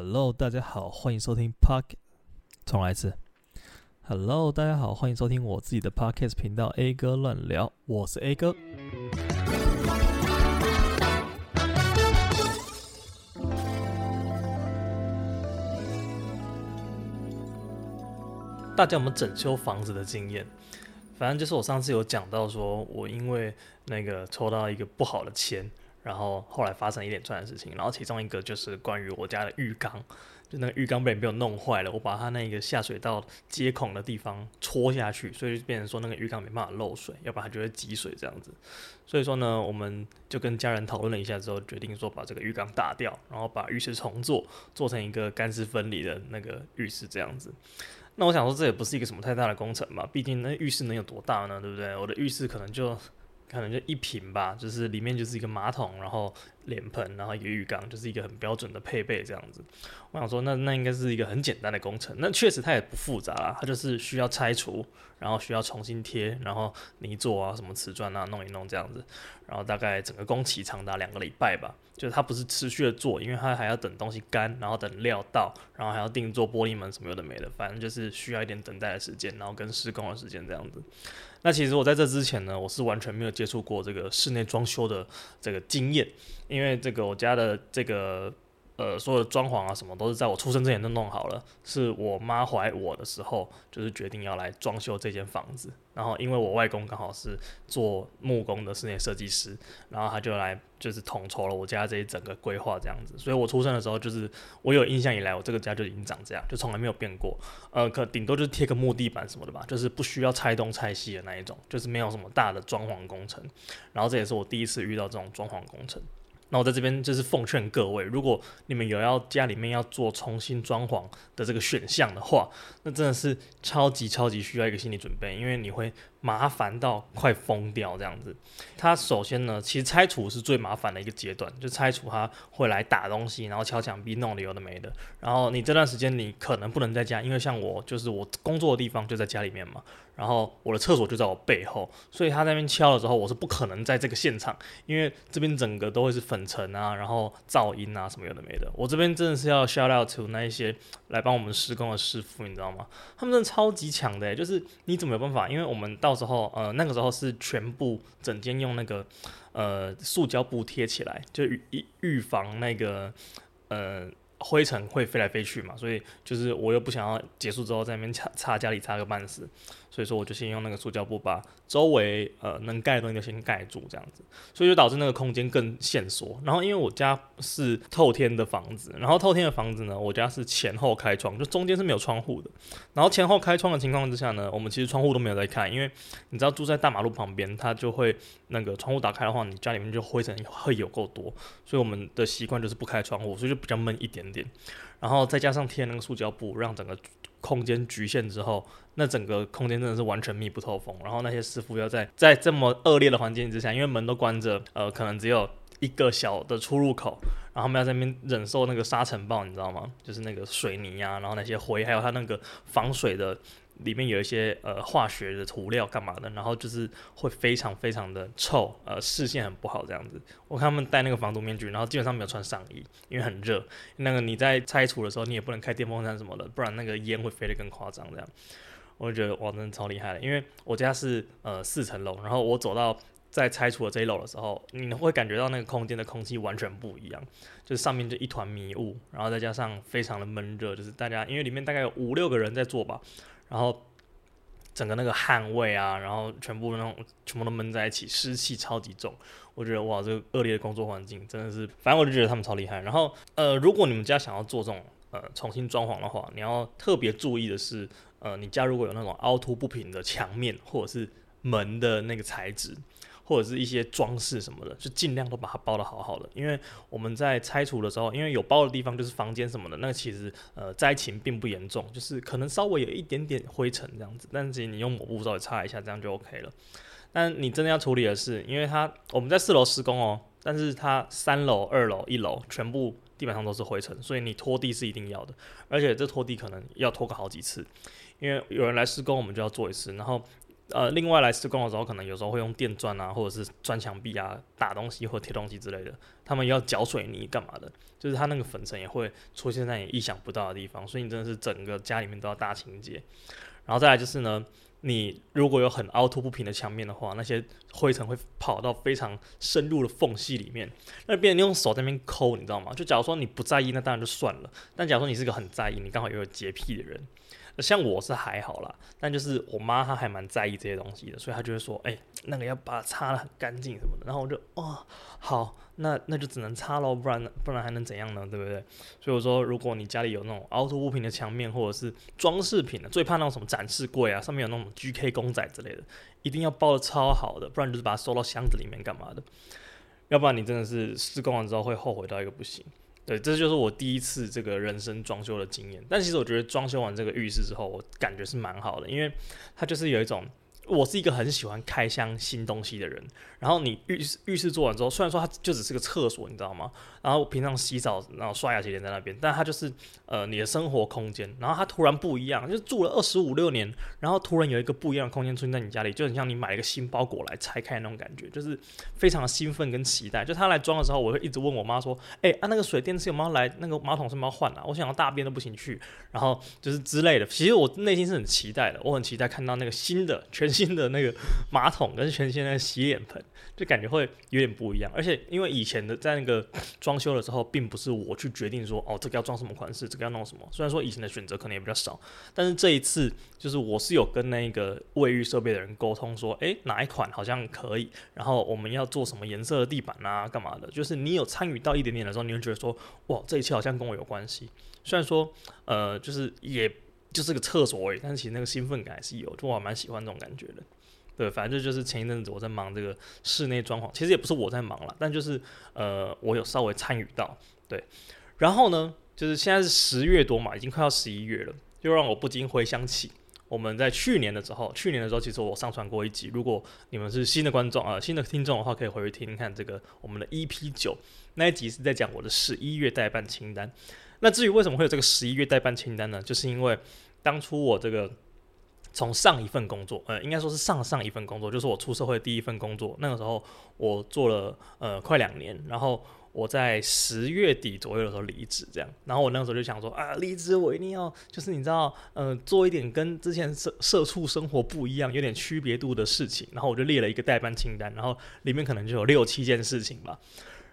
Hello，大家好，歡迎收聽 Podcast...。重來一次。Hello，大家好，歡迎收聽我自己的 Podcast 頻道 A 哥亂聊，我是 A 哥。大家有沒有整修房子的經驗？反正就是我上次有講到說我因為那個抽到一個不好的籤。然後後來發生一連串的事情，然後其中一個就是關於我家的浴缸，就那個浴缸被人被我弄壞了，我把它那個下水道接孔的地方戳下去，所以就變成說那個浴缸沒辦法漏水，要不然它就會積水這樣子。所以說呢，我們就跟家人討論了一下之後，決定說把這個浴缸打掉，然後把浴室重做，做成一個乾濕分離的那個浴室這樣子。那我想說，這也不是一個什麼太大的工程嘛，畢竟那浴室能有多大呢？對不對？我的浴室可能就。可能就一瓶吧，就是裡面就是一個馬桶，然後，臉盆，然後一個浴缸，就是一個很標準的配備這樣子。我想說那、那那應該是一個很簡單的工程。那確實它也不複雜啦，它就是需要拆除，然後需要重新貼，然後泥作啊，什麼瓷磚啊，弄一弄這樣子。然後大概整個工期長達兩個禮拜吧，就是它不是持續的做，因為它還要等東西乾，然後等料到，然後還要定做玻璃門什麼有的沒的，反正就是需要一點等待的時間，然後跟施工的時間這樣子。那其實我在這之前呢，我是完全沒有接觸過這個室內裝修的這個經驗。因為這個我家的這個呃，所有的裝潢啊什麼都是在我出生之前都弄好了，是我媽懷我的時候就是決定要來裝修這間房子。然後因為我外公剛好是做木工的室內設計師，然後他就來就是統籌了我家這一整個規劃這樣子。所以我出生的時候就是我有印象以來，我這個家就已經長這樣，就從來沒有變過。呃，可頂多就是貼個木地板什麼的吧，就是不需要拆東拆西的那一種，就是沒有什麼大的裝潢工程。然後這也是我第一次遇到這種裝潢工程。那我在這邊就是奉勸各位，如果你們有要家裡面要做重新裝潢的這個選項的話，那真的是超級超級需要一個心理準備，因為你會。麻煩到快瘋掉這樣子，他首先呢，其實拆除是最麻煩的一個階段，就拆除他會來打東西，然後敲牆壁，弄的有的沒的。然後你這段時間你可能不能在家，因為像我就是我工作的地方就在家裡面嘛，然後我的廁所就在我背後，所以他在那邊敲的時候，我是不可能在這個現場，因為這邊整個都會是粉塵啊，然後噪音啊什麼有的沒的。我這邊真的是要 shout out to 那一些來幫我們施工的師傅，你知道嗎？他們真的超級強的欸，就是你怎麼有辦法？因為我們到到時候，呃，那個時候是全部整間用那個呃塑膠布貼起來，就預預防那個呃灰塵會飛來飛去嘛，所以就是我又不想要結束之後在那邊擦擦家裡擦個半死。所以說，我就先用那個塑膠布把周圍呃能蓋的東西先蓋住，這樣子，所以就導致那個空間更限縮。然後因為我家是透天的房子，然後透天的房子呢，我家是前後開窗，就中間是沒有窗戶的。然後前後開窗的情況之下呢，我們其實窗戶都沒有在開，因為你知道住在大馬路旁邊，它就會那個窗戶打開的話，你家裡面就灰塵會有夠多。所以我們的習慣就是不開窗戶，所以就比較悶一點點。然後再加上貼那個塑膠布，讓整個空間局限之後，那整個空間真的是完全密不透風。然後那些師傅要在在這麼惡劣的環境之下，因為門都關着，呃，可能只有一個小的出入口，然後他們要在那邊忍受那個沙塵暴，你知道嗎？就是那個水泥啊，然後那些灰，還有它那個防水的。裡面有一些呃化學的塗料幹嘛的，然後就是會非常非常的臭，呃視線很不好這樣子。我看他們戴那個防毒面具，然後基本上沒有穿上衣，因為很熱。那個你在拆除的時候，你也不能開電風扇什麼的，不然那個煙會飛得更誇張這樣。我就覺得哇，真的超厲害的，因為我家是呃四層樓，然後我走到在拆除的這一樓的時候，你會感覺到那個空間的空氣完全不一樣，就是上面就一團迷霧，然後再加上非常的悶熱，就是大家因為裡面大概有五六個人在做吧。然後整個那個汗味啊，然後全部那種全部都悶在一起，濕氣超級重。我覺得哇，這個惡劣的工作環境真的是，反正我就覺得他們超厲害。然後呃，如果你們家想要做這種呃重新裝潢的話，你要特別注意的是，呃，你家如果有那種凹凸不平的牆面或者是門的那個材質。或者是一些裝飾什麼的，就盡量都把它包得好好的。因為我們在拆除的時候，因為有包的地方就是房間什麼的，那個、其實呃災情並不嚴重，就是可能稍微有一點點灰塵這樣子，但是你用抹布稍微擦一下，這樣就 OK 了。但你真的要處理的是，因為它我們在四樓施工哦，但是它三樓、二樓、一樓全部地板上都是灰塵，所以你拖地是一定要的，而且這拖地可能要拖個好幾次，因為有人來施工，我們就要做一次，然後。呃，另外來施工的時候，可能有時候會用電鑽啊，或者是鑽牆壁啊、打東西或貼東西之類的。他們要攪水泥幹嘛的？就是它那個粉塵也會出現在你意想不到的地方，所以你真的是整個家裡面都要大清潔。然後再來就是呢，你如果有很凹凸不平的牆面的話，那些灰塵會跑到非常深入的縫隙裡面，那邊你用手在那邊摳，你知道嗎？就假如說你不在意，那當然就算了。但假如說你是個很在意，你剛好又有潔癖的人，像我是還好啦，但就是我媽她還蠻在意這些東西的，所以她就會說：“哎、欸，那個要把它擦得很乾淨什麼的。”然後我就：“哇、哦，好，那那就只能擦咯，不然不然還能怎樣呢？對不對？”所以我說，如果你家裡有那種凹凸物品的牆面或者是裝飾品的，最怕那種什麼展示櫃啊，上面有那種 GK 公仔之類的，一定要包得超好的，不然就是把它收到箱子裡面幹嘛的，要不然你真的是施工完之後會後悔到一個不行。對，這就是我第一次這個人生裝修的經驗。但其實我覺得裝修完這個浴室之後，我感覺是蠻好的，因為它就是有一種，我是一個很喜歡開箱新東西的人。然後你浴室浴室做完之後，雖然說它就只是個廁所，你知道嗎？然後我平常洗澡，然後刷牙洗臉在那邊，但他就是呃你的生活空間。然後他突然不一樣，就住了二十五六年，然後突然有一個不一樣的空間出現在你家裡，就很像你買一個新包裹來拆開那種感覺，就是非常的興奮跟期待。就他來裝的時候，我會一直問我媽說：“哎、欸，啊，那個水電是有沒有來？那個馬桶是不要換了、啊？我想要大便都不行去。”然後就是之類的。其實我內心是很期待的，我很期待看到那個新的全新的那個馬桶跟全新的洗臉盆，就感覺會有點不一樣。而且因為以前的在那個。裝修的時候，並不是我去決定說，哦，這個要裝什麼款式，這個要弄什麼。雖然說以前的選擇可能也比較少，但是這一次就是我是有跟那個衛浴設備的人溝通說，哎、欸，哪一款好像可以，然後我們要做什麼顏色的地板啊？幹嘛的？就是你有參與到一點點的時候，你會覺得說，哇，這一切好像跟我有關係。雖然說，呃，就是也就是個廁所而、欸、已，但是其實那個興奮感還是有，就我蠻喜歡這種感覺的。對，反正就是前一陣子我在忙這個室內裝潢，其實也不是我在忙了，但就是呃，我有稍微參與到。對，然後呢，就是現在是十月多嘛，已經快要十一月了，就讓我不禁回想起我們在去年的時候，去年的時候其實我上傳過一集，如果你們是新的觀眾啊、呃、新的聽眾的話，可以回去聽聽看這個我們的 EP 九那一集，是在講我的十一月代辦清單。那至於為什麼會有這個十一月代辦清單呢？就是因為當初我這個。從上一份工作，呃，應該說是上上一份工作，就是我出社會第一份工作。那個時候我做了呃快兩年，然後我在十月底左右的時候離職，這樣。然後我那個時候就想說啊，離職我一定要就是你知道，嗯、呃，做一點跟之前社社畜生活不一樣，有點區別度的事情。然後我就列了一個待辦清單，然後裡面可能就有六七件事情吧。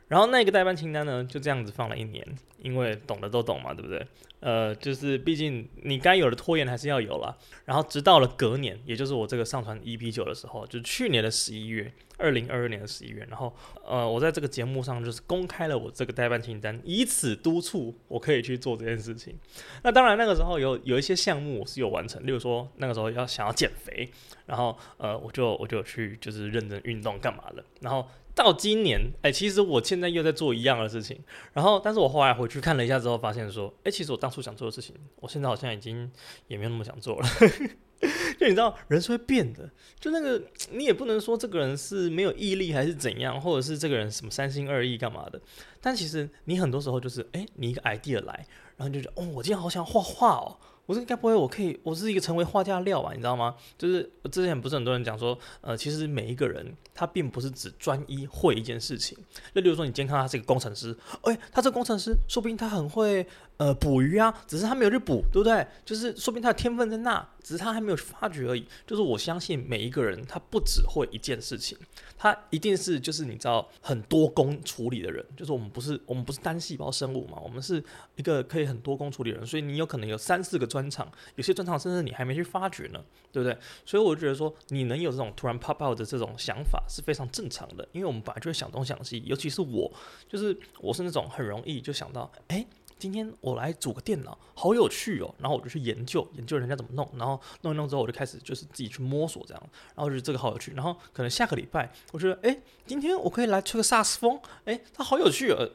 然後那個代辦清單呢，就這樣子放了一年，因為懂得都懂嘛，對不對？呃，就是畢竟你該有的拖延還是要有啦。然後，直到了隔年，也就是我這個上傳 EP 九的時候，就是去年的十一月，二零二二年的十一月。然後，呃，我在這個節目上就是公開了我這個代辦清單，以此督促我可以去做這件事情。那當然，那個時候有有一些項目我是有完成，例如說那個時候要想要減肥，然後，呃，我就我就去就是認真運動幹嘛的，然後。到今年，誒，其實我現在又在做一樣的事情，然後，但是我後來回去看了一下之後，發現說，誒，其實我當初想做的事情，我現在好像已經也沒有那麼想做了。 就你知道，人是會變的。就那個，你也不能說這個人是沒有毅力還是怎樣，或者是這個人什麼三心二意幹嘛的。但其實你很多時候就是，誒，你一個 idea 來，然後你就覺得，哦，我今天好想畫畫哦。我是應該不會我可以，我是一個成為畫家的料吧，你知道嗎？就是之前不是很多人講說，呃，其實每一個人他並不是只專一會一件事情。那比如說你今天看，他是一個工程師，哎、欸，他這個工程師，說不定他很會呃捕魚啊，只是他沒有去捕，對不對？就是說不定他的天分在那，只是他還沒有去發掘而已。就是我相信每一個人他不只會一件事情，他一定是就是你知道很多工處理的人，就是我們不是我們不是單細胞生物嘛，我們是一個可以很多工處理的人，所以你有可能有三四個。專長，有些專長甚至你還沒去發掘呢，對不對？所以我就覺得說，你能有這種突然 pop out 的這種想法是非常正常的，因為我們本來就會想東想西，尤其是我，就是我是那種很容易就想到，誒、欸，今天我來組個電腦，好有趣哦，然後我就去研究研究人家怎麼弄，然後弄一弄之後我就開始就是自己去摸索這樣，然後覺得這個好有趣，然後可能下個禮拜我覺得，誒、欸，今天我可以來吹個薩克斯風，誒、欸，它好有趣啊、哦。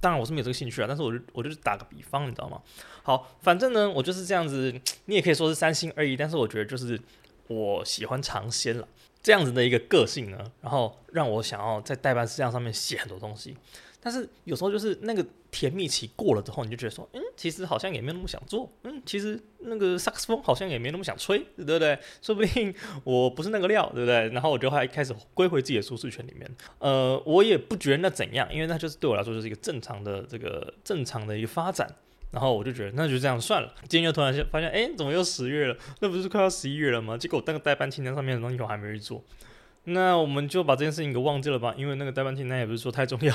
當然我是沒有這個興趣啊，但是我就我就打個比方，你知道嗎？好，反正呢，我就是這樣子，你也可以說是三心二意，但是我覺得就是我喜歡嘗鮮了這樣子的一個個性呢，然後讓我想要在代辦事項上面寫很多東西。但是有時候就是那個甜蜜期過了之後，你就覺得說，嗯，其實好像也沒那麼想做，嗯，其實那個薩克斯風好像也沒那麼想吹，對不對？說不定我不是那個料，對不對？然後我就還開始歸回自己的舒適圈裡面。呃，我也不覺得那怎樣，因為那就是對我來說就是一個正常的這個正常的一個發展。然後我就覺得那就這樣算了。今天就突然間發現，哎、欸，怎麼又十月了？那不是快到十一月了嗎？結果那個待辦清單上面的東西我還沒去做。那我們就把這件事情給忘記了吧，因為那個待辦清單也不是說太重要。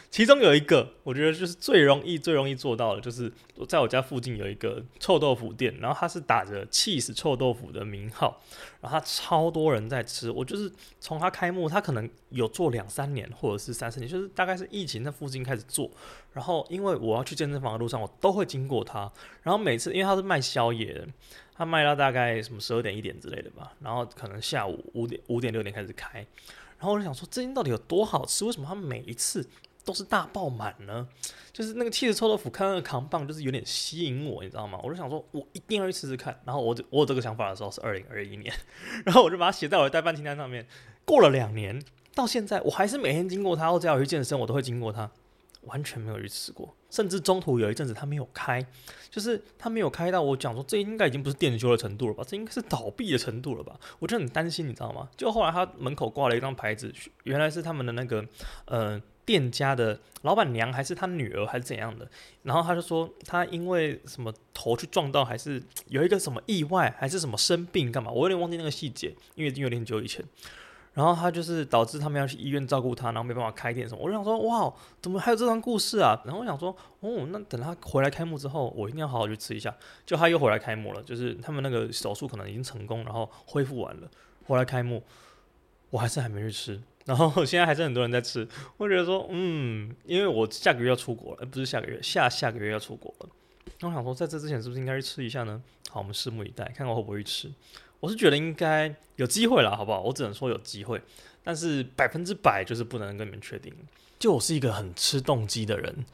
其中有一個，我覺得就是最容易最容易做到的，就是我在我家附近有一個臭豆腐店，然後它是打着“氣死臭豆腐”的名號，然後它超多人在吃。我就是從它開幕，它可能有做兩三年或者是三四年，就是大概是疫情在附近開始做。然後因為我要去健身房的路上，我都會經過它。然後每次因為它是賣宵夜的。他賣到大概什麼十二點一點之類的吧，然後可能下午五點五點六點開始開，然後我就想說，這間到底有多好吃？為什麼他每一次都是大爆滿呢？就是那個起司臭豆腐，看到那個扛棒，就是有點吸引我，你知道嗎？我就想說，我一定要去試試看。然後我我有這個想法的時候是二零二一年，然後我就把它寫在我的待辦清單上面。過了兩年，到現在我還是每天經過它，或者要去健身，我都會經過它。完全沒有去吃過，甚至中途有一陣子他沒有開，就是他沒有開到。我講說這應該已經不是店休的程度了吧？這應該是倒閉的程度了吧？我就很擔心，你知道嗎？就後來他門口掛了一張牌子，原來是他們的那個呃，店家的老闆娘，還是他女兒，還是怎樣的？然後他就說他因為什麼頭去撞到，還是有一個什麼意外，還是什麼生病幹嘛？我有點忘記那個細節，因為因為很久以前。然後他就是導致他們要去醫院照顧他，然後沒辦法開店什麼。我就想說，哇，怎麼還有這段故事啊？然後我想說，哦，那等他回來開幕之後，我一定要好好去吃一下。就他又回來開幕了，就是他們那個手術可能已經成功，然後恢復完了，回來開幕，我還是還沒去吃。然後現在還是很多人在吃，我覺得說，嗯，因為我下個月要出國了，呃，不是下個月，下下個月要出國了。那我想說，在這之前是不是應該去吃一下呢？好，我們拭目以待，看看我會不會去吃。我是覺得應該有機會了，好不好？我只能說有機會，但是百分之百就是不能跟你們確定。就我是一個很吃動機的人，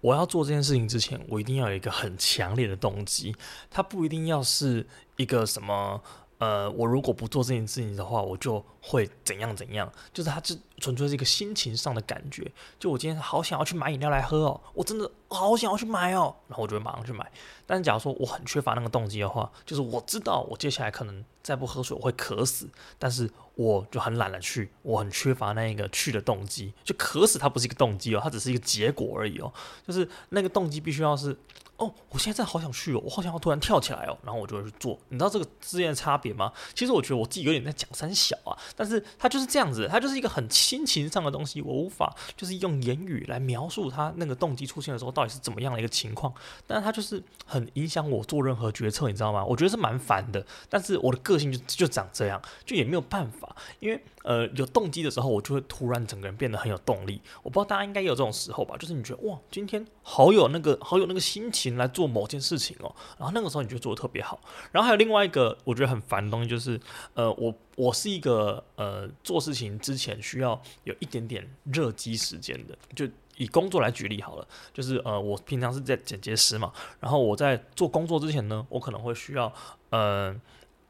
我要做這件事情之前，我一定要有一個很強烈的動機，它不一定要是一個什麼，呃，我如果不做這件事情的話，我就。會怎樣怎樣？就是他這純粹是一個心情上的感覺。就我今天好想要去買飲料來喝哦，我真的好想要去買哦。然後我就會馬上去買。但是假如說我很缺乏那個動機的話，就是我知道我接下來可能再不喝水我會渴死，但是我就很懶得去，我很缺乏那一個去的動機。就渴死它不是一個動機哦，它只是一個結果而已哦。就是那個動機必須要是，哦，我現在在好想去哦，我好想要突然跳起來哦，然後我就會去做。你知道這個之間的差別嗎？其實我覺得我自己有點在講三小啊。但是他就是這樣子，他就是一個很心情上的東西，我無法就是用言語來描述他那個動機出現的時候到底是怎麼樣的一個情況。但是他就是很影響我做任何決策，你知道嗎？我覺得是蠻煩的。但是我的個性就就長這樣，就也沒有辦法，因為。呃，有動機的時候，我就會突然整個人變得很有動力。我不知道大家應該也有這種時候吧？就是你覺得哇，今天好有那個好有那個心情來做某件事情哦，然後那個時候你就做得特別好。然後還有另外一個我覺得很煩的東西就是，呃，我我是一個呃做事情之前需要有一點點熱機時間的。就以工作來舉例好了，就是呃，我平常是在剪接師嘛，然後我在做工作之前呢，我可能會需要嗯。呃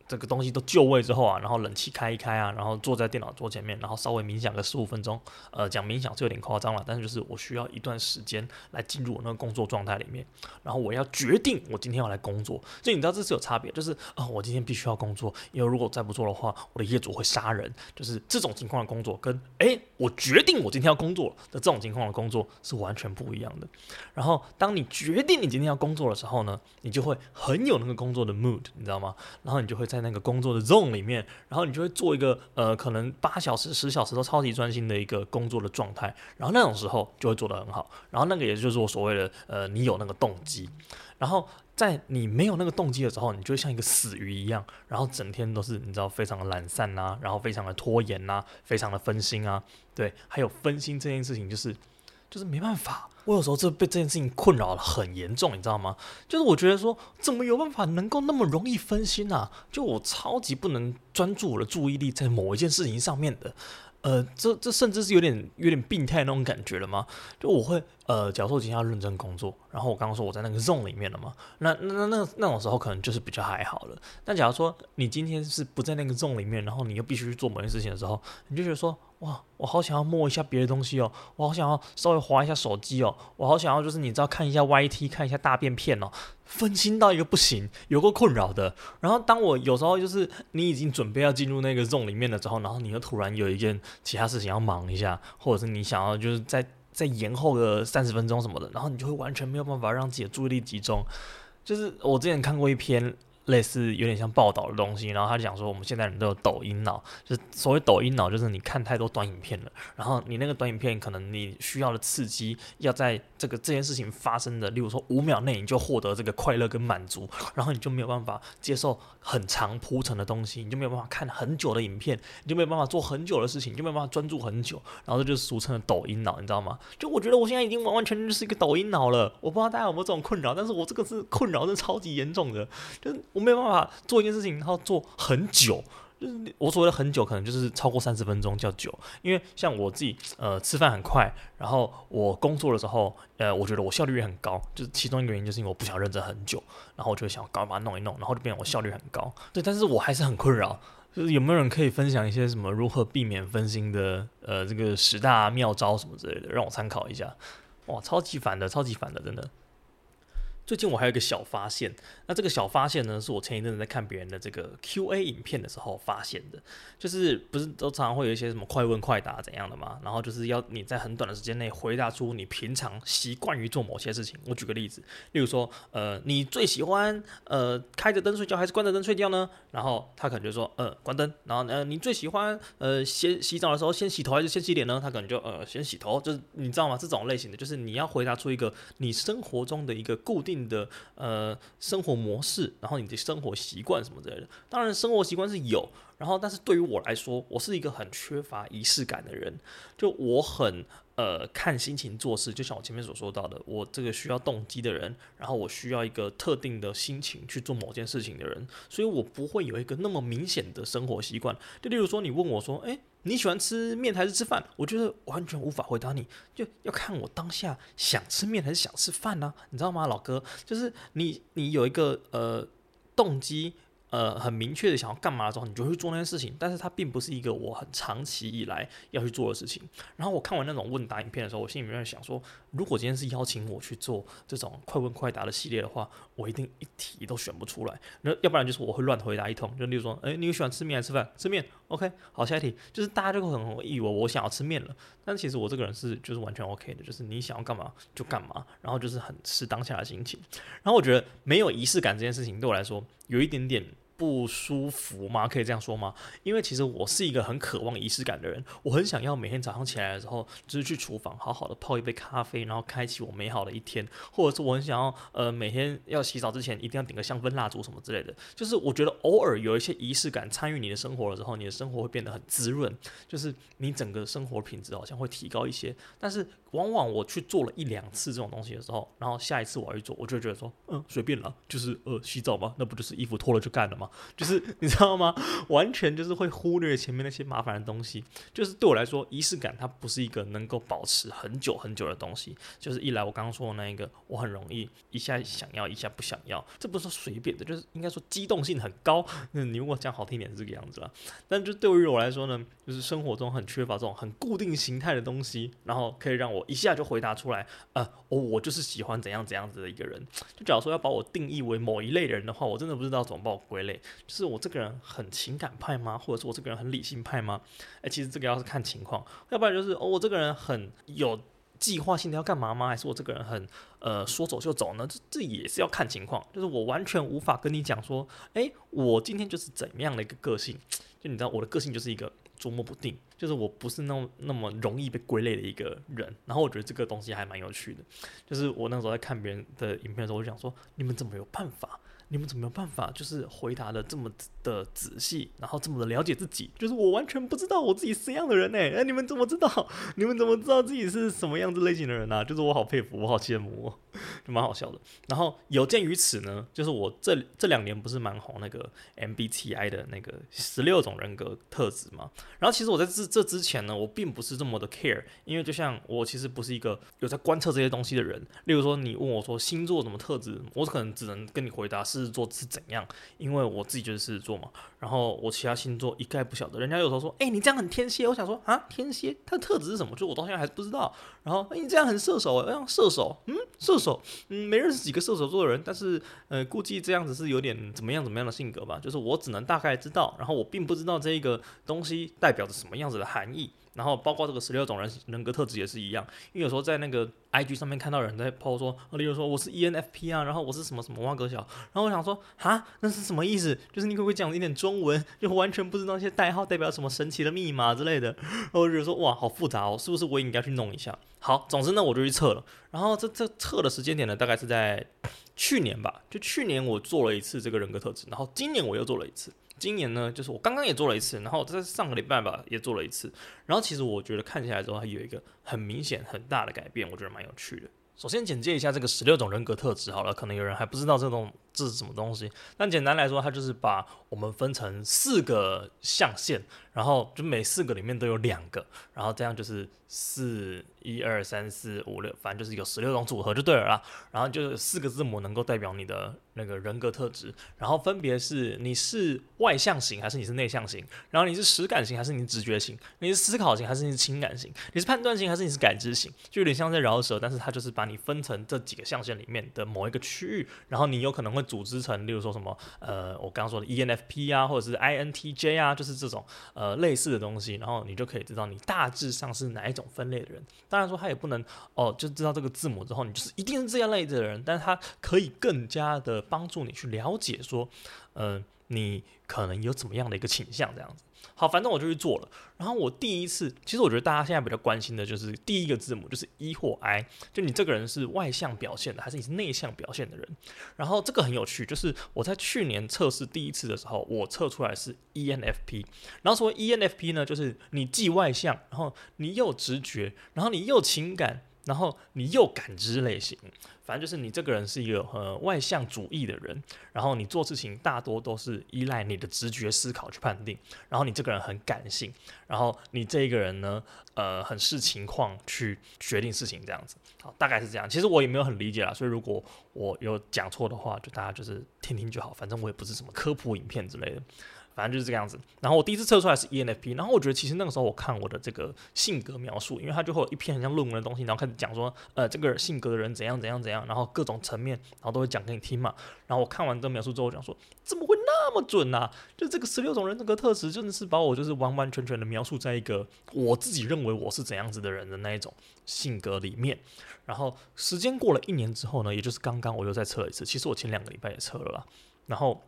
這個東西都就位之後啊，然後冷氣開一開啊，然後坐在電腦桌前面，然後稍微冥想個十五分鐘。呃，講冥想是有點誇張了，但是就是我需要一段時間來進入我那個工作狀態裡面。然後我要決定我今天要來工作，所以你知道這是有差別，就是啊、哦，我今天必須要工作，因為如果再不做的話，我的業主會殺人。就是這種情況的工作跟，跟哎我決定我今天要工作的這種情況的工作是完全不一樣的。然後當你決定你今天要工作的時候呢，你就會很有那個工作的 mood，你知道嗎？然後你就會在。在那個工作的 zone 裡面，然後你就會做一個呃，可能八小時、十小時都超級專心的一個工作的狀態，然後那種時候就會做得很好。然後那個也就是我所謂的呃，你有那個動機。然後在你沒有那個動機的時候，你就像一個死魚一樣，然後整天都是你知道非常的懶散吶、啊，然後非常的拖延吶、啊，非常的分心啊。對，還有分心這件事情，就是就是沒辦法。我有時候就被這件事情困擾得很嚴重，你知道嗎？就是我覺得說，怎麼有辦法能夠那麼容易分心呢、啊？就我超級不能專注我的注意力在某一件事情上面的，呃，這這甚至是有點有點病態那種感覺了嗎？就我會。呃，假如說我今天要認真工作。然後我剛剛說我在那個 zone 裡面了嘛？那那那那,那,那種時候可能就是比較還好了。但假如說你今天是不在那個 zone 裡面，然後你又必須去做某件事情的時候，你就覺得說哇，我好想要摸一下別的東西哦，我好想要稍微滑一下手機哦，我好想要就是你知道看一下 YT 看一下大便片哦，分心到一個不行，有夠困擾的。然後當我有時候就是你已經準備要進入那個 zone 裡面的時候，然後你又突然有一件其他事情要忙一下，或者是你想要就是在。再延後個三十分鐘什麼的，然後你就會完全沒有辦法讓自己的注意力集中。就是我之前看過一篇。類似有點像報道的東西，然後他講說，我們現在人都有抖音腦，就是所謂抖音腦，就是你看太多短影片了，然後你那個短影片可能你需要的刺激要在這個這件事情發生的，例如說五秒內你就獲得這個快樂跟滿足，然後你就沒有辦法接受很長鋪陳的東西，你就沒有辦法看很久的影片，你就沒有辦法做很久的事情，你就沒有辦法專注很久，然後這就是俗稱的抖音腦，你知道嗎？就我覺得我現在已經完完全全是一個抖音腦了，我不知道大家有沒有這種困擾，但是我這個是困擾是超級嚴重的，就是。我沒有辦法做一件事情，然後做很久，就是我所謂的很久，可能就是超過三十分鐘叫久。因為像我自己，呃，吃飯很快，然後我工作的時候，呃，我覺得我效率也很高，就是其中一個原因就是因為我不想認真很久，然後我就想搞把它弄一弄，然後就變我效率很高。對，但是我還是很困擾，就是有沒有人可以分享一些什麼如何避免分心的，呃，這個十大妙招什麼之類的，讓我參考一下。哇，超級煩的，超級煩的，真的。最近我還有一個小發現，那這個小發現呢，是我前一陣子在看別人的這個 QA 影片的時候發現的，就是不是都常常會有一些什麼快問快答怎樣的嘛？然後就是要你在很短的時間內回答出你平常習慣於做某些事情。我舉個例子，例如說，呃，你最喜歡呃開着燈睡覺還是關着燈睡覺呢？然後他可能就說，呃，關燈。然後呢，呃，你最喜歡呃先洗澡的時候先洗頭還是先洗臉呢？他可能就呃先洗頭，就是你知道嗎？這種類型的，就是你要回答出一個你生活中的一個固定。你的呃生活模式，然後你的生活習慣什麼之類的，當然生活習慣是有，然後但是對於我來說，我是一個很缺乏儀式感的人，就我很。呃，看心情做事，就像我前面所說到的，我這個需要動機的人，然後我需要一個特定的心情去做某件事情的人，所以我不會有一個那麼明顯的生活習慣。就例如說，你問我說，誒，你喜歡吃麵還是吃飯？我覺得完全無法回答你，就要看我當下想吃麵還是想吃飯呢，你知道嗎，老哥？就是你，你有一個呃動機。呃，很明確的想要幹嘛的時候，你就會去做那些事情。但是它並不是一個我很長期以來要去做的事情。然後我看完那種問答影片的時候，我心裡面在想說，如果今天是邀請我去做這種快問快答的系列的話，我一定一題都選不出來。那要不然就是我會亂回答一通，就例如說，誒、欸，你喜歡吃麵還是吃飯？吃麵，OK。好，下一題就是大家就會很以為我想要吃面了。但其實我這個人是就是完全 OK 的，就是你想要幹嘛就幹嘛，然後就是很吃當下的心情。然後我覺得沒有儀式感這件事情對我來說。有一點點。不舒服嗎？可以這樣說嗎？因為其實我是一個很渴望儀式感的人，我很想要每天早上起來的時候，就是去廚房好好的泡一杯咖啡，然後開啟我美好的一天，或者是我很想要呃每天要洗澡之前，一定要點個香氛蠟燭什麼之類的。就是我覺得偶爾有一些儀式感參與你的生活了之後，你的生活會變得很滋潤，就是你整個生活品質好像會提高一些。但是往往我去做了一兩次這種東西的時候，然後下一次我要去做，我就覺得說嗯隨便了，就是呃洗澡嗎？那不就是衣服脫了就乾了嗎？就是你知道嗎？完全就是會忽略前面那些麻煩的東西。就是對我來說，儀式感它不是一個能夠保持很久很久的東西。就是一來我剛剛說的那一個，我很容易一下想要，一下不想要。這不是說隨便的，就是應該說機動性很高。你如果講好聽點，是這個樣子啊。但就對於我來說呢，就是生活中很缺乏這種很固定形態的東西，然後可以讓我一下就回答出來。啊、呃哦，我就是喜歡怎樣怎樣子的一個人。就假如說要把我定義為某一類的人的話，我真的不知道怎麼把我歸類。就是我這個人很情感派嗎？或者是我這個人很理性派嗎？誒、欸，其實這個要是看情況，要不然就是哦，我這個人很有計劃性的要幹嘛嗎？還是我這個人很呃說走就走呢？這這也是要看情況。就是我完全無法跟你講說，哎、欸，我今天就是怎樣的一個個性。就你知道，我的個性就是一個捉摸不定，就是我不是那麼那麼容易被歸類的一個人。然後我覺得這個東西還蠻有趣的。就是我那時候在看別人的影片的時候，我就想說，你們怎麼有辦法？你們怎麼有辦法，就是回答的這麼的仔細，然後這麼的了解自己？就是我完全不知道我自己是這樣的人哎、欸！哎、欸，你們怎麼知道？你們怎麼知道自己是什麼樣子類型的人啊？就是我好佩服，我好羨慕我，就 蠻好笑的。然後有鑑於此呢，就是我這這兩年不是蠻紅那個 MBTI 的那個十六種人格特質嗎？然後其實我在這這之前呢，我並不是這麼的 care，因為就像我其實不是一個有在觀測這些東西的人。例如說，你問我說星座什麼特質，我可能只能跟你回答獅子座是怎樣？因為我自己就是獅子座嘛，然後我其他星座一概不曉得。人家有時候說，哎、欸，你這樣很天蠍，我想說啊，天蠍它的特質是什麼？就我到現在還是不知道。然後、欸、你這樣很射手、欸，哎，射手，嗯，射手，嗯，沒認識幾個射手座的人，但是呃，估計這樣子是有點怎麼樣怎麼樣的性格吧？就是我只能大概知道，然後我並不知道這一個東西代表着什麼樣子的含義。然後包括這個十六種人人格特質也是一樣，因為有時候在那個 IG 上面看到人在拋說，例如說我是 ENFP 啊，然後我是什麼什麼萬格小，然後我想說哈，那是什麼意思？就是你可不可以講一點中文？就完全不知道那些代號代表什麼神奇的密碼之類的。然後我就說哇，好複雜哦，是不是我也應該去弄一下？好，總之呢，我就去測了。然後這這測的時間點呢，大概是在去年吧，就去年我做了一次這個人格特質，然後今年我又做了一次。今年呢，就是我剛剛也做了一次，然後在上個禮拜吧也做了一次，然後其實我覺得看起來之後，還有一個很明顯很大的改變，我覺得蠻有趣的。首先簡介一下這個十六種人格特質好了，可能有人還不知道這種。這是什麼東西？但簡單來說，它就是把我們分成四個象限，然後就每四個裡面都有兩個，然後這樣就是四一二三四五六，反正就是有十六種組合就對了啦，然後就是四個字母能夠代表你的那個人格特質，然後分別是你是外向型還是你是內向型，然後你是實感型還是你是直覺型，你是思考型還是你是情感型，你是判斷型還是你是感知型，就有點像在饒舌，但是它就是把你分成這幾個象限裡面的某一個區域，然後你有可能會。組織成，例如說什麼，呃，我剛剛說的 ENFP 啊，或者是 INTJ 啊，就是這種呃類似的東西，然後你就可以知道你大致上是哪一種分類的人。當然說他也不能哦，就知道這個字母之後，你就是一定是這樣類的人，但是他可以更加的幫助你去了解說，嗯、呃。你可能有怎麼樣的一個傾向？這樣子，好，反正我就去做了。然後我第一次，其實我覺得大家現在比較關心的就是第一個字母，就是 E 或 I，就你這個人是外向表現的，還是你是內向表現的人？然後這個很有趣，就是我在去年測試第一次的時候，我測出來是 ENFP。然後所謂 ENFP 呢，就是你既外向，然後你又直覺，然後你又情感。然後你又感知類型，反正就是你這個人是一個很外向主義的人，然後你做事情大多都是依賴你的直覺思考去判定，然後你這個人很感性，然後你這一個人呢，呃，很視情況去決定事情這樣子，好，大概是這樣。其實我也沒有很理解啦。所以如果我有講錯的話，就大家就是聽聽就好，反正我也不是什麼科普影片之類的。反正就是這個樣子。然後我第一次測出來是 ENFP，然後我覺得其實那個時候我看我的這個性格描述，因為它就會有一篇很像論文的東西，然後開始講說，呃，這個性格的人怎樣怎樣怎樣，然後各種層面，然後都會講給你聽嘛。然後我看完這個描述之後，我講說，怎麼會那麼準呢？啊？就這個十六種人格特質，真的是把我就是完完全全的描述在一個我自己認為我是怎樣子的人的那一種性格裡面。然後時間過了一年之後呢，也就是剛剛我又再測一次，其實我前兩個禮拜也測了啦。然後。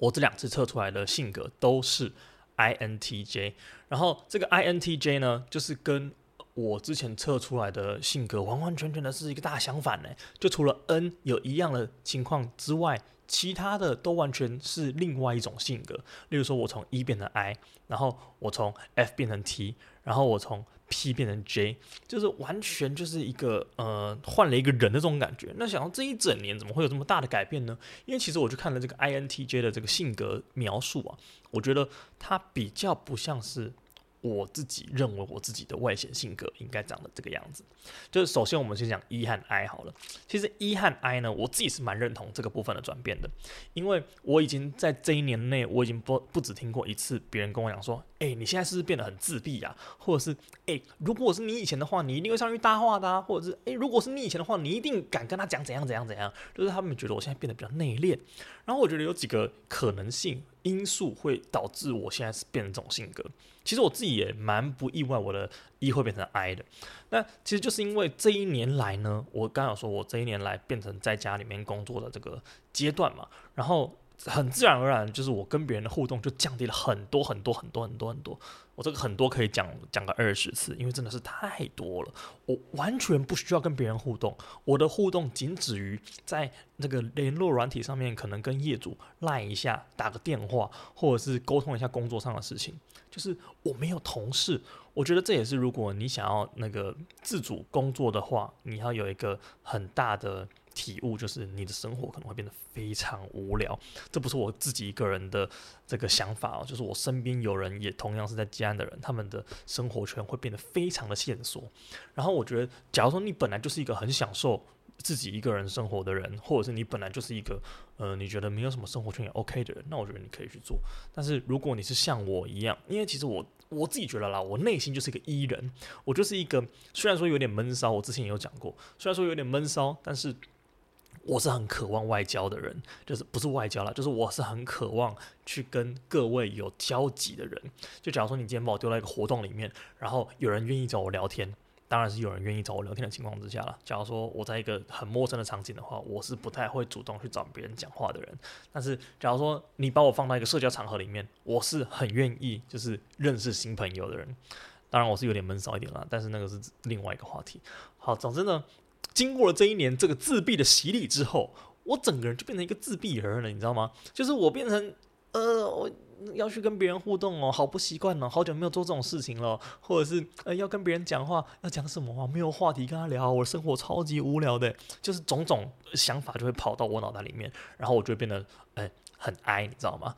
我這兩次測出來的性格都是 INTJ，然後這個 INTJ 呢，就是跟我之前測出來的性格完完全全的是一個大相反呢，就除了 N 有一樣的情況之外，其他的都完全是另外一種性格。例如說，我從 E 變成 I，然後我從 F 變成 T，然後我從 P 變成 J，就是完全就是一個呃換了一個人的這種感覺。那想到這一整年怎麼會有這麼大的改變呢？因為其實我去看了這個 INTJ 的這個性格描述啊，我覺得他比較不像是我自己認為我自己的外顯性格應該長的這個樣子。就是首先我們先講 E 和 I 好了。其實 E 和 I 呢，我自己是蠻認同這個部分的轉變的，因為我已經在這一年內，我已經不不只聽過一次別人跟我講說。誒、欸，你現在是不是變得很自閉啊？或者是誒、欸，如果我是你以前的話，你一定會上去搭話的，啊，或者是誒、欸，如果是你以前的話，你一定敢跟他講怎樣怎樣怎樣。就是他們覺得我現在變得比較內斂。然後我覺得有幾個可能性因素會導致我現在是變成這種性格。其實我自己也蠻不意外，我的 E 會變成 I 的。那其實就是因為這一年來呢，我剛好說我這一年來變成在家裡面工作的這個階段嘛，然後。很自然而然，就是我跟別人的互動就降低了很多很多很多很多很多。我這個很多可以講講個二十次，因為真的是太多了。我完全不需要跟別人互動，我的互動僅止於在那個聯絡軟體上面，可能跟業主賴一下，打個電話，或者是溝通一下工作上的事情。就是我沒有同事，我覺得這也是，如果你想要那個自主工作的話，你要有一個很大的。體悟就是你的生活可能會變得非常無聊，這不是我自己一個人的這個想法哦，就是我身邊有人也同樣是在家的人，他們的生活圈會變得非常的限縮。然後我覺得，假如說你本來就是一個很享受自己一個人生活的人，或者是你本來就是一個呃你覺得沒有什麼生活圈也 OK 的人，那我覺得你可以去做。但是如果你是像我一樣，因為其實我我自己覺得啦，我內心就是一個 E 人，我就是一個雖然說有點悶騷，我之前也有講過，雖然說有點悶騷，但是。我是很渴望外交的人，就是不是外交了，就是我是很渴望去跟各位有交集的人。就假如說你今天把我丟到一個活動裡面，然後有人願意找我聊天，當然是有人願意找我聊天的情況之下了。假如說我在一個很陌生的場景的話，我是不太會主動去找別人講話的人。但是假如說你把我放到一個社交場合裡面，我是很願意就是認識新朋友的人。當然我是有點悶騷一點了，但是那個是另外一個話題。好，總之呢。經過了這一年這個自閉的洗禮之後，我整個人就變成一個自閉人了，你知道嗎？就是我變成，呃，我要去跟別人互動哦，好不習慣哦，好久沒有做這種事情了，或者是呃，要跟別人講話，要講什麼話？沒有話題跟他聊，我生活超級無聊的，就是種種想法就會跑到我腦袋裡面，然後我就變得哎。很 I，你知道嗎？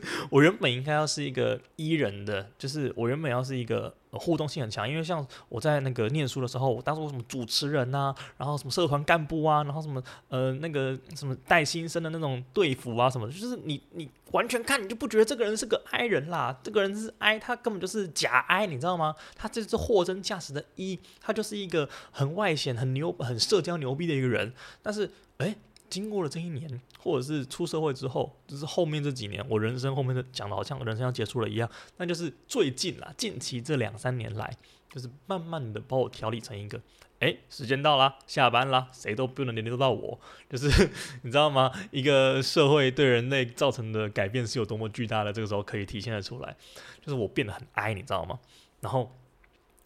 我原本應該要是一個 E 人的，就是我原本要是一個互動性很強，因為像我在那個念書的時候，我當初什麼主持人吶、啊，然後什麼社團幹部啊，然後什麼呃那個什麼帶新生的那種隊服啊什麼，就是你你完全看你就不覺得這個人是個 I 人啦，這個人是 I，他根本就是假 I，你知道嗎？他這是貨真價實的 E，他就是一個很外顯、很牛、很社交牛逼的一個人，但是哎。欸經過了這一年，或者是出社會之後，就是後面這幾年，我人生後面的講的好像人生要結束了一樣。那就是最近啦，近期這兩三年來，就是慢慢的把我調理成一個，哎，時間到了，下班啦，誰都不能聯繫得到我。就是你知道嗎？一個社會對人類造成的改變是有多麼巨大的，這個時候可以體現得出來。就是我變得很哀，你知道嗎？然後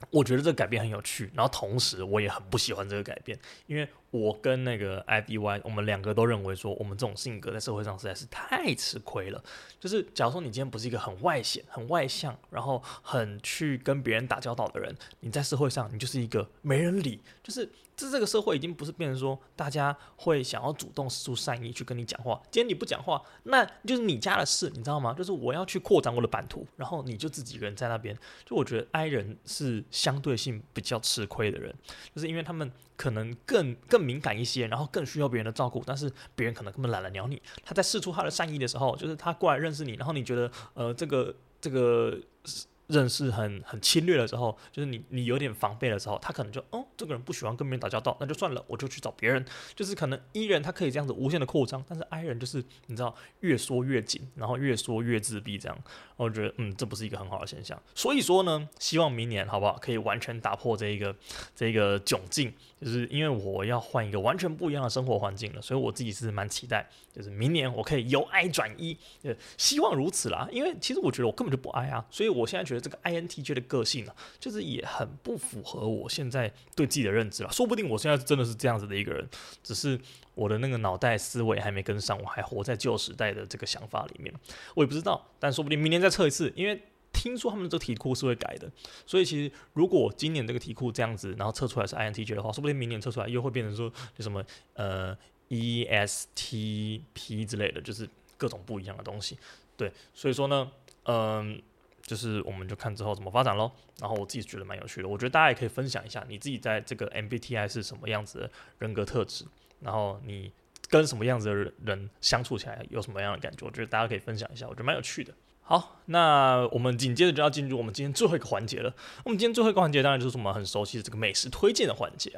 我覺得這個改變很有趣，然後同時我也很不喜歡這個改變，因為。我跟那個 Ivy，我們兩個都認為說，我們這種性格在社會上實在是太吃虧了。就是假如說你今天不是一個很外顯、很外向，然後很去跟別人打交道的人，你在社會上你就是一個沒人理。就是這這個社會已經不是變成說大家會想要主動釋出善意去跟你講話。今天你不講話，那就是你家的事，你知道嗎？就是我要去擴張我的版圖，然後你就自己一個人在那邊。就我覺得 I 人是相對性比較吃虧的人，就是因為他們。可能更更敏感一些，然後更需要別人的照顧，但是別人可能根本懶得鳥你。他在釋出他的善意的時候，就是他過來認識你，然後你覺得呃這個這個認識很很侵略的時候，就是你你有點防備的時候，他可能就哦這個人不喜歡跟別人打交道，那就算了，我就去找別人。就是可能 E 人他可以這樣子無限的擴張，但是 i 人就是你知道越縮越緊，然後越縮越自閉這樣。我覺得嗯這不是一個很好的現象，所以說呢，希望明年好不好可以完全打破這一個這一個窘境。就是因為我要換一個完全不一樣的生活環境了，所以我自己是蠻期待，就是明年我可以由 I 轉 E，希望如此啦。因為其實我覺得我根本就不 I 啊，所以我現在覺得這個 INTJ 的個性呢、啊，就是也很不符合我現在對自己的認知了。說不定我現在真的是這樣子的一個人，只是我的那個腦袋思維還沒跟上，我還活在舊時代的這個想法裡面，我也不知道。但說不定明年再測一次，因為。聽說他們的這個題庫是會改的，所以其實如果今年這個題庫這樣子，然後測出來是 INTJ 的話，說不定明年測出來又會變成說什麼呃 ESTP 之類的，就是各種不一樣的東西。對，所以說呢，嗯、呃，就是我們就看之後怎麼發展咯。然後我自己覺得蠻有趣的，我覺得大家也可以分享一下你自己在這個 MBTI 是什麼樣子的人格特質，然後你跟什麼樣子的人相處起來有什麼樣的感覺，我覺得大家可以分享一下，我覺得蠻有趣的。好，那我們緊接着就要進入我們今天最後一個環節了。我們今天最後一個環節，當然就是我們很熟悉的這個美食推薦的環節。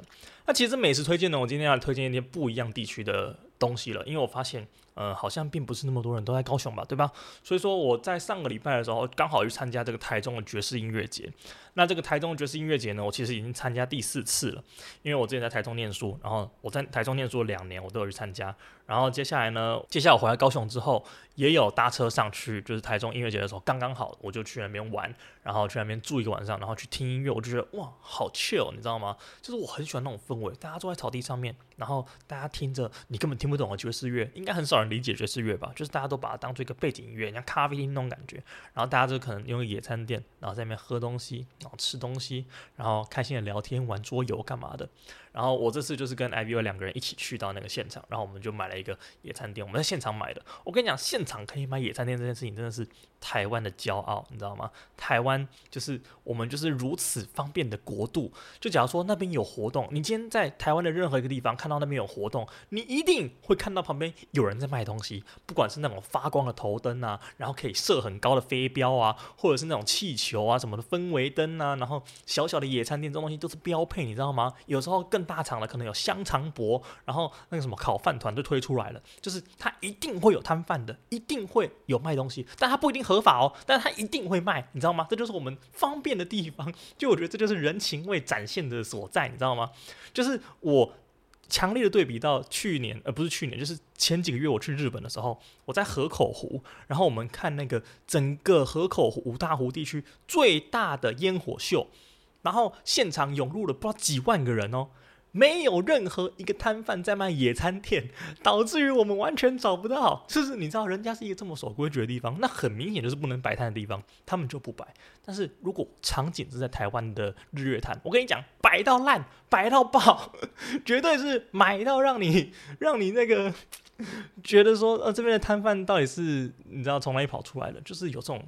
那其實美食推薦呢，我今天要推薦一些不一樣地區的東西了，因為我發現。呃，好像並不是那麼多人都在高雄吧，對吧？所以說我在上個禮拜的時候剛好去參加這個台中的爵士音樂節。那這個台中的爵士音樂節呢，我其實已經參加第四次了，因為我之前在台中念書，然後我在台中念書了兩年，我都有去參加。然後接下來呢，接下來我回來高雄之後，也有搭車上去，就是台中音樂節的時候，剛剛好我就去那邊玩，然後去那邊住一個晚上，然後去聽音樂，我就覺得哇，好 chill，你知道嗎？就是我很喜歡那種氛圍，大家坐在草地上面，然後大家聽着你根本聽不懂的爵士樂，應該很少人。理解爵士樂吧，就是大家都把它當做一個背景音樂，像咖啡廳那種感覺。然後大家就可能用野餐墊，然後在那邊喝東西，然後吃東西，然後開心的聊天、玩桌遊幹嘛的。然後我這次就是跟 Ivy 兩個人一起去到那個現場，然後我們就買了一個野餐墊，我們在現場買的。我跟你講，現場可以買野餐墊這件事情，真的是台灣的驕傲，你知道嗎？台灣就是我們就是如此方便的國度。就假如說那邊有活動，你今天在台灣的任何一個地方看到那邊有活動，你一定會看到旁邊有人在賣東西，不管是那種發光的頭燈啊，然後可以射很高的飛鏢啊，或者是那種氣球啊什麼的氛圍燈啊，然後小小的野餐墊這種東西都是標配，你知道嗎？有時候更。大廠了，可能有香腸伯，然後那個什麼烤飯糰就推出來了，就是它一定會有攤販的，一定會有賣東西，但它不一定合法哦，但它一定會賣，你知道嗎？這就是我們方便的地方，就我覺得這就是人情味展現的所在，你知道嗎？就是我強烈的對比到去年，而、呃、不是去年，就是前幾個月我去日本的時候，我在河口湖，然後我們看那個整個河口湖五大湖地區最大的煙火秀，然後現場湧入了不知道幾萬個人哦。沒有任何一個攤販在賣野餐墊，導致於我們完全找不到。就是你知道，人家是一個這麼守規矩的地方，那很明顯就是不能擺攤的地方，他們就不擺。但是如果場景是在台灣的日月潭，我跟你講，擺到爛，擺到爆，絕對是買到讓你讓你那個覺得說，呃，這邊的攤販到底是你知道從哪裡跑出來的，就是有這種。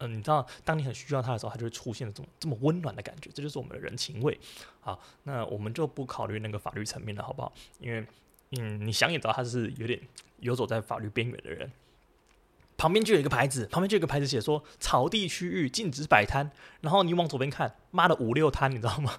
嗯，你知道，當你很需要他的時候，他就會出現這種這麼溫暖的感覺，這就是我們的人情味。好，那我們就不考慮那個法律層面了，好不好？因為，嗯，你想也知道，他是有點游走在法律邊緣的人。旁邊就有一個牌子，旁邊就有一個牌子寫說，草地區域禁止擺攤。然後你往左邊看，媽的五六攤，你知道嗎？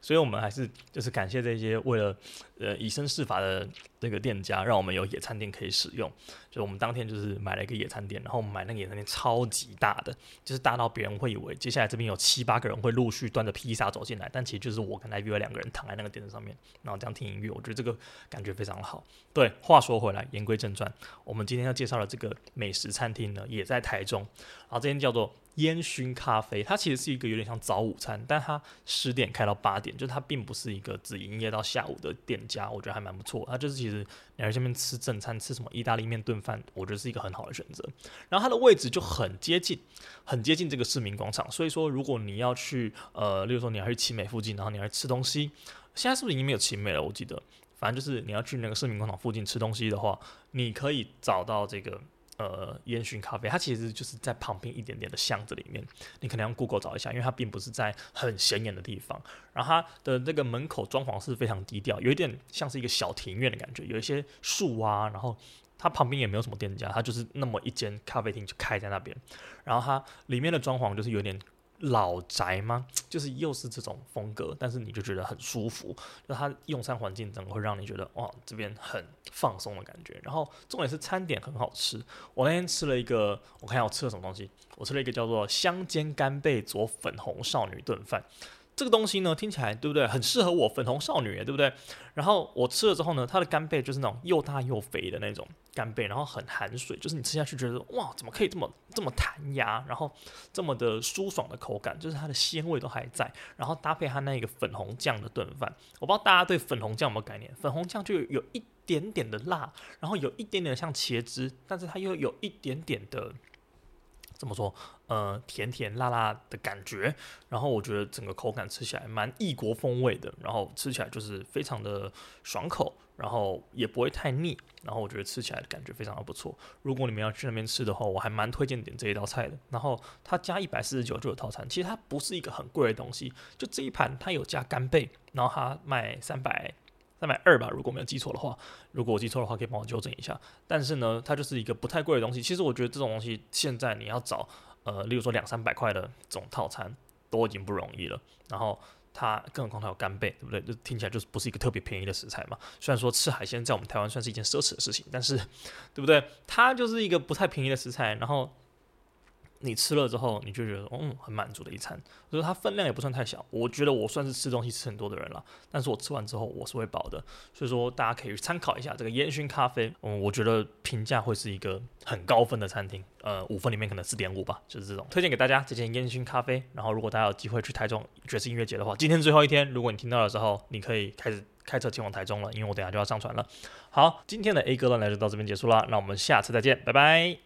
所以，我們還是就是感謝這些為了呃以身試法的這個店家讓我們有野餐墊可以使用，就我們當天就是買了一個野餐墊，然後買那個野餐墊，超級大的，就是大到別人會以為接下來這邊有七八個人會陸續端着披薩走進來，但其實就是我跟 Ivy 兩個人躺在那個墊子上面，然後這樣聽音樂，我覺得這個感覺非常好。對，話說回來，言歸正傳，我們今天要介紹的這個美食餐廳呢，也在台中，然後這邊叫做。煙燻咖啡，它其實是一個有點像早午餐，但它十點開到八點，就是它並不是一個只營業到下午的店家，我覺得還蠻不錯。它就是其實你在這邊吃正餐，吃什麼意大利麵、燉飯，我覺得是一個很好的選擇。然後它的位置就很接近，很接近這個市民廣場，所以說如果你要去，呃，例如說你要去奇美附近，然後你來吃東西，現在是不是已經沒有奇美了？我記得，反正就是你要去那個市民廣場附近吃東西的話，你可以找到這個。呃，煙燻咖啡，它其實就是在旁邊一點點的巷子裡面，你可能用 Google 找一下，因為它並不是在很顯眼的地方。然後它的那個門口裝潢是非常低調，有一點像是一個小庭院的感覺，有一些樹啊，然後它旁邊也沒有什麼店家，它就是那麼一間咖啡廳就開在那邊。然後它裡面的裝潢就是有點。老宅嗎？就是又是這種風格，但是你就覺得很舒服。那它用餐環境整個會讓你覺得，哇，這邊很放鬆的感覺。然後重點是餐點很好吃。我那天吃了一個，我看下我吃了什麼東西。我吃了一個叫做香煎干貝佐粉紅少女燉飯。這個東西呢，聽起來對不對？很適合我粉紅少女耶，對不對？然後我吃了之後呢，它的干貝就是那種又大又肥的那種干貝，然後很含水，就是你吃下去覺得哇，怎麼可以這麼這麼彈牙，然後這麼的舒爽的口感，就是它的鮮味都還在。然後搭配它那一個粉紅醬的燉飯，我不知道大家對粉紅醬有沒有概念？粉紅醬就有一點點的辣，然後有一點點像茄汁，但是它又有一點點的怎麼說？呃，甜甜辣辣的感覺，然後我覺得整個口感吃起來蠻異國風味的，然後吃起來就是非常的爽口，然後也不會太膩，然後我覺得吃起來的感覺非常的不錯。如果你們要去那邊吃的話，我還蠻推薦點這一道菜的。然後它加一百四十九就有套餐，其實它不是一個很貴的東西，就這一盤它有加干貝，然後它賣三百、三百二吧，如果沒有記錯的話，如果我記錯的話可以幫我糾正一下。但是呢，它就是一個不太貴的東西。其實我覺得這種東西現在你要找。呃，例如說兩三百塊的這種套餐都已經不容易了，然後它更何況它有干貝，對不對？就聽起來就是不是一個特別便宜的食材嘛。雖然說吃海鮮在我們台灣算是一件奢侈的事情，但是，對不對？它就是一個不太便宜的食材，然後。你吃了之後，你就覺得嗯，很滿足的一餐，就是它分量也不算太小。我覺得我算是吃東西吃很多的人了，但是我吃完之後我是會飽的。所以說大家可以參考一下這個煙燻咖啡，嗯，我覺得評價會是一個很高分的餐廳，呃，五分裡面可能四點五吧，就是這種推薦給大家。這間煙燻咖啡，然後如果大家有機會去台中爵士音樂節的話，今天最後一天，如果你聽到的時候，你可以開始開車前往台中了，因為我等一下就要上傳了。好，今天的 A 哥呢就到這邊結束了，那我們下次再見，拜拜。